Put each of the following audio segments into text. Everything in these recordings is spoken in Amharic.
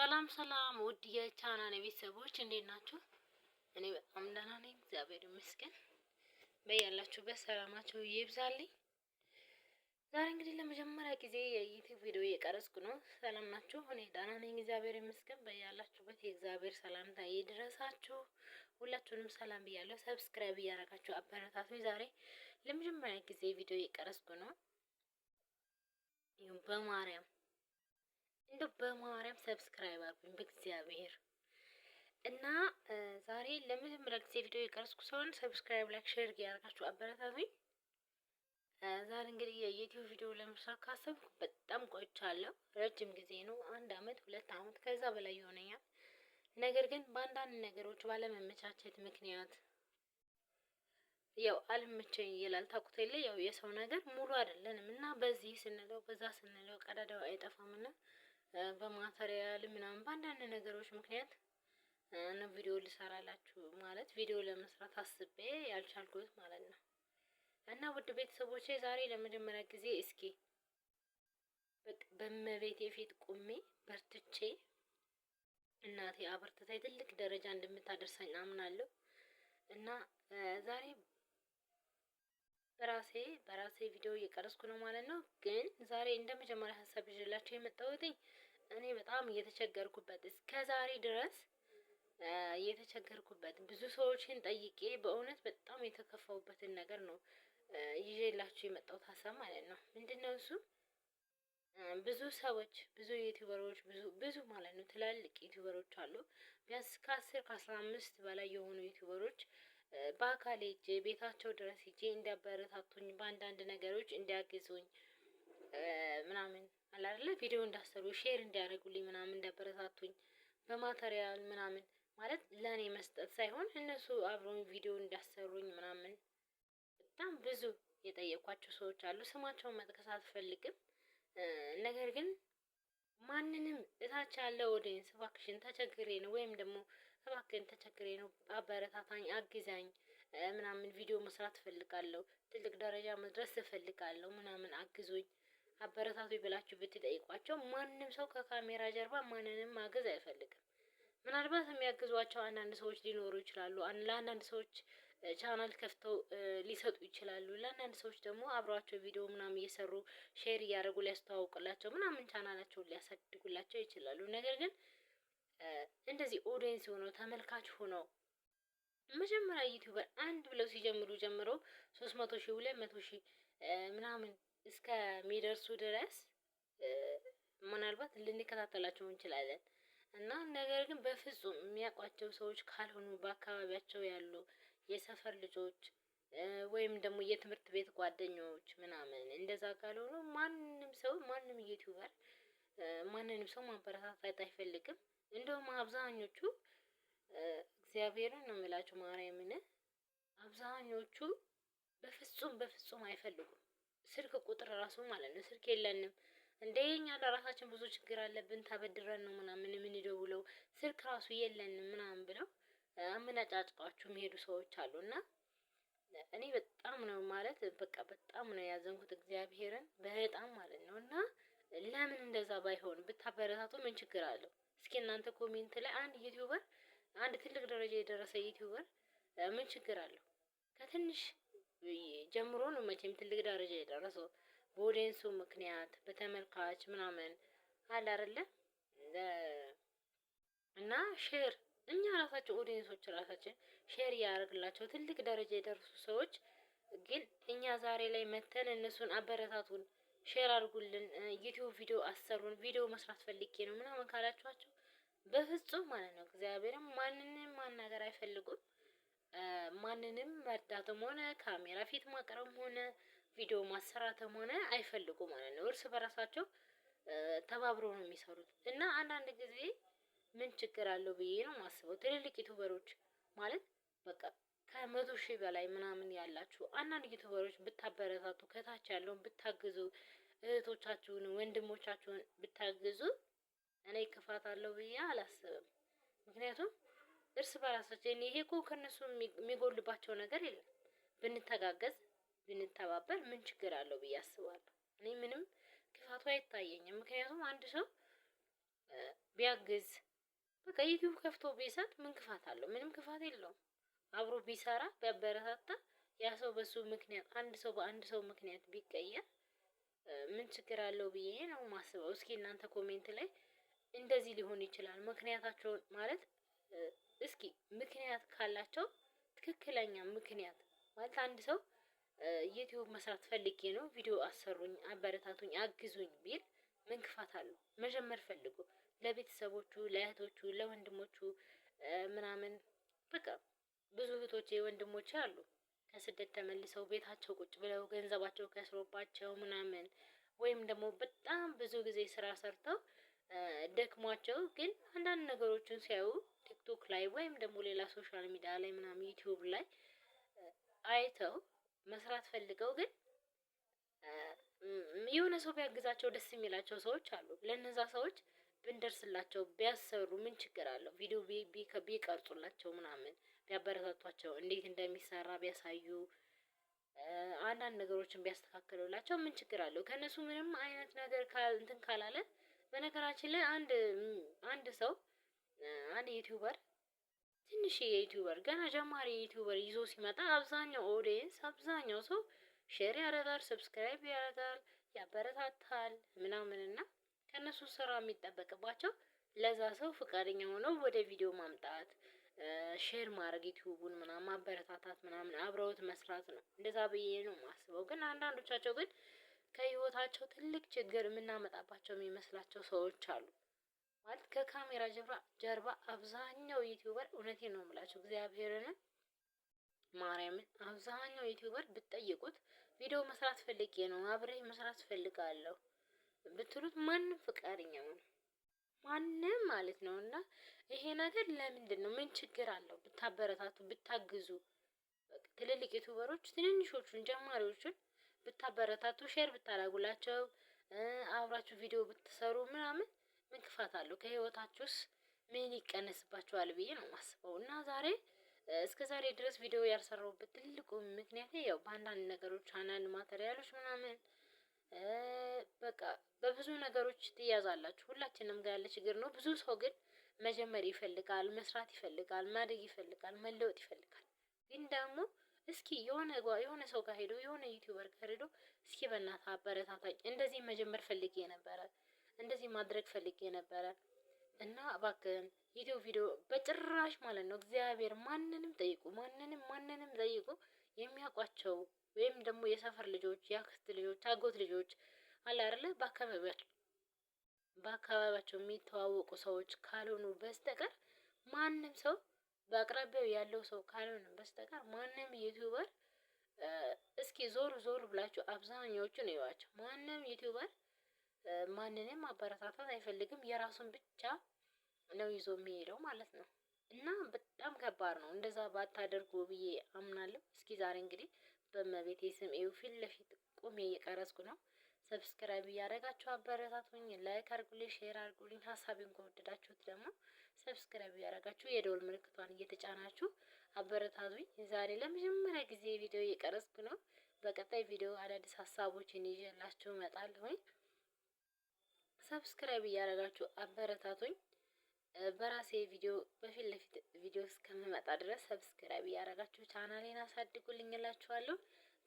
ሰላም ሰላም ውድ የቻናል ቤተሰቦች እንዴት ናችሁ? እኔ በጣም ደህና ነኝ፣ እግዚአብሔር ይመስገን። በያላችሁበት ሰላማችሁ ይብዛልኝ። ዛሬ እንግዲህ ለመጀመሪያ ጊዜ የዩቲዩብ ቪዲዮ እየቀረጽኩ ነው። ሰላም ናችሁ? እኔ ደህና ነኝ፣ እግዚአብሔር ይመስገን። በያላችሁበት የእግዚአብሔር ሰላምታ ይድረሳችሁ። ሁላችሁንም ሰላም ብያለሁ። ሰብስክራይብ እያደረጋችሁ አበረታቱ። ዛሬ ለመጀመሪያ ጊዜ ቪዲዮ እየቀረጽኩ ነው በማርያም እንደ በማርያም ሰብስክራይብ አድርጉኝ በእግዚአብሔር እና ዛሬ ለመጀመሪያ ጊዜ ቪዲዮ የቀረስኩ ሰውን ሰብስክራይብ፣ ላይክ፣ ሼር እያደረጋችሁ አበረታቱኝ። ዛሬ እንግዲህ የዩቲዩብ ቪዲዮ ለመስራት ካሰብኩ በጣም ቆይቻለሁ። ረጅም ጊዜ ነው፣ አንድ አመት ሁለት አመት ከዛ በላይ ይሆነኛል። ነገር ግን በአንዳንድ ነገሮች ባለመመቻቸት ምክንያት ያው አልመቸኝ ይላል ታውቁት የለ ያው የሰው ነገር ሙሉ አይደለንም እና በዚህ ስንለው በዛ ስንለው ቀዳዳው አይጠፋምና በማተሪያል ምናምን በአንዳንድ ነገሮች ምክንያት ነው ቪዲዮ ልሰራላችሁ ማለት ቪዲዮ ለመስራት አስቤ ያልቻልኩት ማለት ነው። እና ውድ ቤተሰቦቼ ዛሬ ለመጀመሪያ ጊዜ እስኪ በመቤት የፊት ቁሜ በርትቼ እናቴ አበርትታኝ ትልቅ ደረጃ እንደምታደርሰኝ አምናለሁ እና ዛሬ በራሴ በራሴ ቪዲዮ እየቀረስኩ ነው ማለት ነው። ግን ዛሬ እንደ መጀመሪያ ሀሳብ ይዤላችሁ የመጣሁት እኔ በጣም እየተቸገርኩበት እስከ ዛሬ ድረስ እየተቸገርኩበት ብዙ ሰዎችን ጠይቄ በእውነት በጣም የተከፋሁበትን ነገር ነው ይዤላችሁ የመጣሁት ሀሳብ ማለት ነው። ምንድን ነው እሱ? ብዙ ሰዎች ብዙ ዩቲዩበሮች ብዙ ብዙ ማለት ነው ትላልቅ ዩቲዩበሮች አሉ። ቢያንስ ከአስር ከአስራ አምስት በላይ የሆኑ ዩቲዩበሮች በአካል ሄጄ ቤታቸው ድረስ ሄጄ እንዲያበረታቱኝ በአንዳንድ ነገሮች እንዲያግዙኝ ምናምን አላለ ቪዲዮ እንዳሰሩ ሼር እንዲያደርጉልኝ ምናምን እንዲያበረታቱኝ በማተሪያል ምናምን ማለት ለእኔ መስጠት ሳይሆን እነሱ አብረውኝ ቪዲዮ እንዲያሰሩኝ ምናምን በጣም ብዙ የጠየኳቸው ሰዎች አሉ። ስማቸውን መጥቀስ አትፈልግም። ነገር ግን ማንንም እታች ያለ ኦዲየንስ እባክሽን ተቸግሬ ነው ወይም ደግሞ እባክህን ተቸግሬ ነው አበረታታኝ፣ አግዛኝ ምናምን ቪዲዮ መስራት እፈልጋለሁ፣ ትልቅ ደረጃ መድረስ እፈልጋለሁ ምናምን አግዞኝ አበረታቱ ብላችሁ ብትጠይቋቸው ማንም ሰው ከካሜራ ጀርባ ማንንም ማገዝ አይፈልግም። ምናልባት የሚያግዟቸው አንዳንድ ሰዎች ሊኖሩ ይችላሉ። ለአንዳንድ ሰዎች ቻናል ከፍተው ሊሰጡ ይችላሉ። ለአንዳንድ ሰዎች ደግሞ አብረዋቸው ቪዲዮ ምናምን እየሰሩ ሼር እያደረጉ ሊያስተዋውቅላቸው ምናምን ቻናላቸውን ሊያሳድጉላቸው ይችላሉ። ነገር ግን እንደዚህ ኦዲየንስ ሆኖ ተመልካች ሆኖ መጀመሪያ ዩቲዩበር አንድ ብለው ሲጀምሩ ጀምሮ ሶስት መቶ ሺህ ሁለት መቶ ሺህ ምናምን እስከሚደርሱ ድረስ ምናልባት ልንከታተላቸው እንችላለን እና ነገር ግን በፍጹም የሚያውቋቸው ሰዎች ካልሆኑ በአካባቢያቸው ያሉ የሰፈር ልጆች ወይም ደግሞ የትምህርት ቤት ጓደኞች ምናምን እንደዛ ካልሆኑ ማንም ሰው ማንም ዩቲዩበር ማንንም ሰው ማበረታታት አይፈልግም። እንደውም አብዛኞቹ እግዚአብሔርን ነው የምላቸው ማርያምን አብዛኞቹ በፍጹም በፍጹም አይፈልጉም። ስልክ ቁጥር ራሱ ማለት ነው ስልክ የለንም እንደ የኛ ለራሳችን ብዙ ችግር አለብን ታበድረን ነው ምናምን የምንደውለው ስልክ ራሱ የለንም ምናምን ብለው አመነጫጭቋችሁ የሚሄዱ ሰዎች አሉ እና እኔ በጣም ነው ማለት በቃ በጣም ነው ያዘንኩት እግዚአብሔርን በጣም ማለት ነው እና ለምን እንደዛ ባይሆን ብታበረታቱ ምን ችግር አለው? እስኪ እናንተ ኮሜንት ላይ አንድ ዩቲዩበር አንድ ትልቅ ደረጃ የደረሰ ዩቲዩበር ምን ችግር አለው? ከትንሽ ጀምሮ ነው መቼም ትልቅ ደረጃ የደረሰው። በኦዲየንሱ ምክንያት በተመልካች ምናምን አለ አይደለ? እና ሼር እኛ ራሳቸው ኦዲየንሶች ራሳችን ሼር ያደርግላቸው ትልቅ ደረጃ የደረሱ ሰዎች ግን እኛ ዛሬ ላይ መተን እነሱን አበረታቱን ሼር አድርጉልን። ዩቲዩብ ቪዲዮ አሰሩን፣ ቪዲዮ መስራት ፈልጌ ነው ምናምን ካላችኋቸው በፍጹም ማለት ነው እግዚአብሔርም ማንንም ማናገር አይፈልጉም። ማንንም መርዳትም ሆነ ካሜራ ፊት ማቅረብም ሆነ ቪዲዮ ማሰራትም ሆነ አይፈልጉ ማለት ነው። እርስ በራሳቸው ተባብረው ነው የሚሰሩት እና አንዳንድ ጊዜ ምን ችግር አለው ብዬ ነው ማስበው። ትልልቅ ዩቱበሮች ማለት በቃ ከመቶ ሺህ በላይ ምናምን ያላችሁ አንዳንድ ዩቱበሮች ብታበረታቱ ከታች ያለውን ብታግዙ እህቶቻችሁን ወንድሞቻችሁን ብታግዙ እኔ ክፋት አለው ብዬ አላስብም። ምክንያቱም እርስ በራሳችን ይሄ እኮ ከእነሱ የሚጎልባቸው ነገር የለም። ብንተጋገዝ ብንተባበር ምን ችግር አለው ብዬ አስባለሁ። እኔ ምንም ክፋቱ አይታየኝም። ምክንያቱም አንድ ሰው ቢያግዝ በቃ ዩቲዩብ ከፍቶ ቢሰጥ ምን ክፋት አለው? ምንም ክፋት የለውም። አብሮ ቢሰራ ቢያበረታታ ያ ሰው በሱ ምክንያት አንድ ሰው በአንድ ሰው ምክንያት ቢቀየር ምን ችግር አለው ብዬ ነው ማስበው። እስኪ እናንተ ኮሜንት ላይ እንደዚህ ሊሆን ይችላል ምክንያታቸውን ማለት እስኪ ምክንያት ካላቸው ትክክለኛ ምክንያት ማለት አንድ ሰው ዩቲዩብ መስራት ፈልጌ ነው ቪዲዮ አሰሩኝ፣ አበረታቱኝ፣ አግዙኝ ቢል ምን ክፋት አለው? መጀመር ፈልጎ ለቤተሰቦቹ፣ ለእህቶቹ፣ ለወንድሞቹ ምናምን በቃ ብዙ እህቶቼ ወንድሞቼ አሉ ከስደት ተመልሰው ቤታቸው ቁጭ ብለው ገንዘባቸው ከስሮባቸው ምናምን ወይም ደግሞ በጣም ብዙ ጊዜ ስራ ሰርተው ደክሟቸው ግን አንዳንድ ነገሮችን ሲያዩ ቲክቶክ ላይ ወይም ደግሞ ሌላ ሶሻል ሚዲያ ላይ ምናምን ዩቲዩብ ላይ አይተው መስራት ፈልገው ግን የሆነ ሰው ቢያግዛቸው ደስ የሚላቸው ሰዎች አሉ። ለነዛ ሰዎች ብንደርስላቸው ቢያሰሩ ምን ችግር አለው? ቪዲዮ ቢቀርጹላቸው ምናምን ቢያበረታቷቸው እንዴት እንደሚሰራ ቢያሳዩ አንዳንድ ነገሮችን ቢያስተካክሉላቸው ምን ችግር አለው? ከእነሱ ምንም አይነት ነገር እንትን ካላለ በነገራችን ላይ አንድ አንድ ሰው አንድ ዩቲዩበር ትንሽ የዩቲዩበር ገና ጀማሪ ዩቲዩበር ይዞ ሲመጣ አብዛኛው ኦዲየንስ አብዛኛው ሰው ሼር ያደርጋል፣ ሰብስክራይብ ያደርጋል፣ ያበረታታል ምናምንና ከእነሱ ስራ የሚጠበቅባቸው ለዛ ሰው ፈቃደኛ ሆነው ወደ ቪዲዮ ማምጣት ሼር ማድረግ ዩቲዩቡን ምናምን ማበረታታት ምናምን አብረውት መስራት ነው። እንደዛ ብዬ ነው ማስበው። ግን አንዳንዶቻቸው ግን ከህይወታቸው ትልቅ ችግር የምናመጣባቸው የሚመስላቸው ሰዎች አሉ። ማለት ከካሜራ ጀርባ አብዛኛው ዩቲዩበር እውነቴ ነው የምላቸው እግዚአብሔርን ማርያምን አብዛኛው ዩቲዩበር ብትጠይቁት ቪዲዮ መስራት ፈልጌ ነው አብሬ መስራት ፈልጋለሁ ብትሉት ማንም ፍቃደኛ ነው። ማንም ማለት ነው። እና ይሄ ነገር ለምንድን ነው? ምን ችግር አለው? ብታበረታቱ ብታግዙ፣ ትልልቅ ዩቱበሮች ትንንሾቹን ጀማሪዎቹን ብታበረታቱ፣ ሼር ብታደርጉላቸው፣ አብራችሁ ቪዲዮ ብትሰሩ ምናምን ምን ክፋት አለው? ከህይወታችሁስ ምን ይቀነስባችኋል ብዬ ነው ማስበው። እና ዛሬ እስከ ዛሬ ድረስ ቪዲዮ ያልሰራሁበት ትልቁ ምክንያት ያው በአንዳንድ ነገሮች አንዳንድ ማቴሪያሎች ምናምን በቃ በብዙ ነገሮች ትያዛላችሁ። ሁላችንም ጋር ያለ ችግር ነው። ብዙ ሰው ግን መጀመር ይፈልጋል፣ መስራት ይፈልጋል፣ ማደግ ይፈልጋል፣ መለወጥ ይፈልጋል። ግን ደግሞ እስኪ የሆነ የሆነ ሰው ጋር ሄዶ የሆነ ዩቲዩበር ጋር ሄዶ እስኪ በእናት አበረታታኝ፣ እንደዚህ መጀመር ፈልጌ ነበረ፣ እንደዚህ ማድረግ ፈልጌ ነበረ እና እባክህን ዩቲዩብ ቪዲዮ በጭራሽ ማለት ነው እግዚአብሔር ማንንም ጠይቁ፣ ማንንም ማንንም ጠይቁ የሚያውቋቸው ወይም ደግሞ የሰፈር ልጆች፣ የአክስት ልጆች፣ አጎት ልጆች አለ አይደለ በአካባቢያቸው በአካባቢያቸው የሚተዋወቁ ሰዎች ካልሆኑ በስተቀር ማንም ሰው በአቅራቢያው ያለው ሰው ካልሆነ በስተቀር ማንም ዩቲዩበር እስኪ ዞር ዞር ብላችሁ አብዛኛዎቹን እዩዋቸው። ማንም ዩቲዩበር ማንንም ማበረታታት አይፈልግም። የራሱን ብቻ ነው ይዞ የሚሄደው ማለት ነው። እና በጣም ከባድ ነው። እንደዛ ባታደርጉ ብዬ አምናለሁ። እስኪ ዛሬ እንግዲህ በእመቤቴ ስም ይኸው ፊት ለፊት ቆሜ እየቀረስኩ ነው። ሰብስክራይብ እያደረጋችሁ አበረታቱኝ። ላይክ አድርጉልኝ፣ ሼር አርጉልኝ። ሀሳቤን ከወደዳችሁት ደግሞ ሰብስክራይብ እያደረጋችሁ የደወል ምልክቷን እየተጫናችሁ አበረታቱኝ። ዛሬ ለመጀመሪያ ጊዜ ቪዲዮ እየቀረስኩ ነው። በቀጣይ ቪዲዮ አዳዲስ ሀሳቦችን ይዤላችሁ እመጣለሁኝ። ሰብስክራይብ እያደረጋችሁ አበረታቱኝ። በራሴ ቪዲዮ በፊት ለፊት ቪዲዮ እስከምመጣ ድረስ ሰብስክራይብ እያደረጋችሁ ቻናሌን አሳድጉልኝ እላችኋለሁ።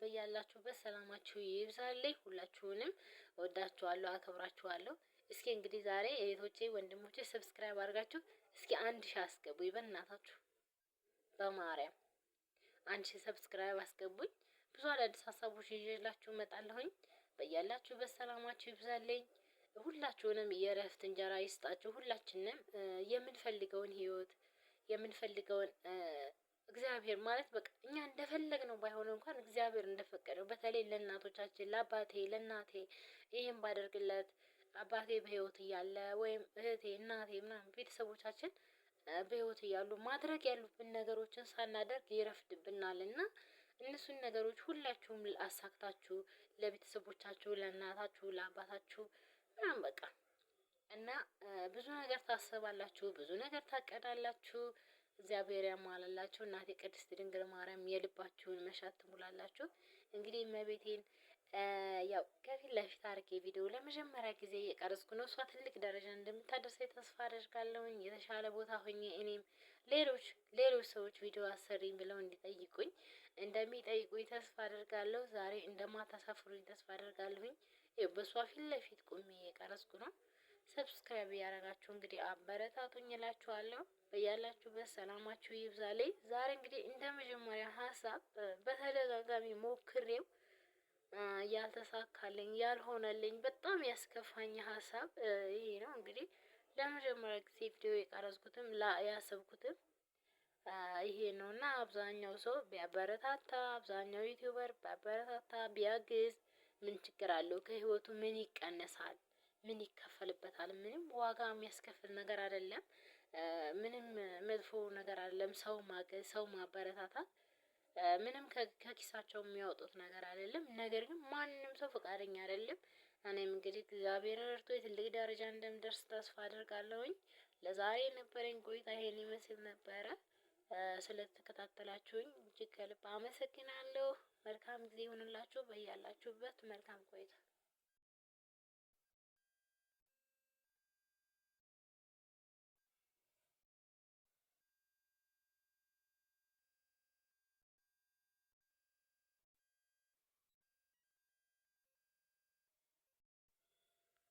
በያላችሁበት ሰላማችሁ ይብዛልኝ። ሁላችሁንም ወዳችኋለሁ፣ አከብራችኋለሁ። እስኪ እንግዲህ ዛሬ እህቶቼ ወንድሞቼ ሰብስክራይብ አድርጋችሁ እስኪ አንድ ሺህ አስገቡኝ በእናታችሁ በማርያም አንድ ሺህ ሰብስክራይብ አስገቡኝ። ብዙ አዳዲስ ሀሳቦች ይዤላችሁ እመጣለሁኝ። በያላችሁበት ሰላማችሁ ይብዛልኝ። ሁላችሁንም የእረፍት እንጀራ ይስጣችሁ። ሁላችንም የምንፈልገውን ህይወት የምንፈልገውን እግዚአብሔር ማለት በቃ እኛ እንደፈለግ ነው ባይሆን እንኳን እግዚአብሔር እንደፈቀደው በተለይ ለእናቶቻችን ለአባቴ ለእናቴ ይህም ባደርግለት አባቴ በህይወት እያለ ወይም እህቴ እናቴ ምናምን ቤተሰቦቻችን በህይወት እያሉ ማድረግ ያሉብን ነገሮችን ሳናደርግ ይረፍድብናል እና እነሱን ነገሮች ሁላችሁም አሳክታችሁ ለቤተሰቦቻችሁ፣ ለእናታችሁ፣ ለአባታችሁ ምናምን በቃ እና ብዙ ነገር ታስባላችሁ፣ ብዙ ነገር ታቀዳላችሁ፣ እግዚአብሔር ያሟላላችሁ። እናቴ ቅድስት ድንግል ማርያም የልባችሁን መሻት ትሙላላችሁ። እንግዲህ እመቤቴን ያው ከፊት ለፊት አርጌ ቪዲዮ ለመጀመሪያ ጊዜ የቀረጽኩ ነው። እሷ ትልቅ ደረጃ እንደምታደርሰኝ ተስፋ አደርጋለሁኝ። የተሻለ ቦታ ሆኜ እኔም ሌሎች ሌሎች ሰዎች ቪዲዮ አሰሪኝ ብለው እንዲጠይቁኝ እንደሚጠይቁኝ ተስፋ አደርጋለሁ። ዛሬ እንደማታሳፍሩኝ ተስፋ አደርጋለሁኝ። በሷ ፊት ለፊት ቁሜ እየቀረጽኩ ነው። ሰብስክራይብ ያደረጋችሁ እንግዲህ አበረታቱኝ እላችኋለሁ። በያላችሁበት ሰላማችሁ ይብዛልኝ። ዛሬ እንግዲህ እንደ መጀመሪያ ሀሳብ በተደጋጋሚ ሞክሬው ያልተሳካልኝ ያልሆነልኝ በጣም ያስከፋኝ ሀሳብ ይሄ ነው። እንግዲህ ለመጀመሪያ ጊዜ ቪዲዮ የቀረጽኩትም ያሰብኩትም ይሄ ነው እና አብዛኛው ሰው ቢያበረታታ አብዛኛው ዩቲዩበር ቢያበረታታ ቢያግዝ ምን ችግር አለው? ከህይወቱ ምን ይቀነሳል? ምን ይከፈልበታል? ምንም ዋጋ የሚያስከፍል ነገር አይደለም። ምንም መጥፎ ነገር አይደለም። ሰው ማገዝ፣ ሰው ማበረታታት ምንም ከኪሳቸው የሚያወጡት ነገር አይደለም። ነገር ግን ማንም ሰው ፈቃደኛ አይደለም። እኔም እንግዲህ እግዚአብሔር እርቶ የትልቅ ደረጃ እንደምደርስ ተስፋ አደርጋለሁኝ። ለዛሬ የነበረኝ ቆይታ ይሄን ይመስል ነበረ። ስለተከታተላችሁኝ እጅግ ከልብ አመሰግናለሁ። መልካም ጊዜ ይሁንላችሁ። በያላችሁበት መልካም ቆይታ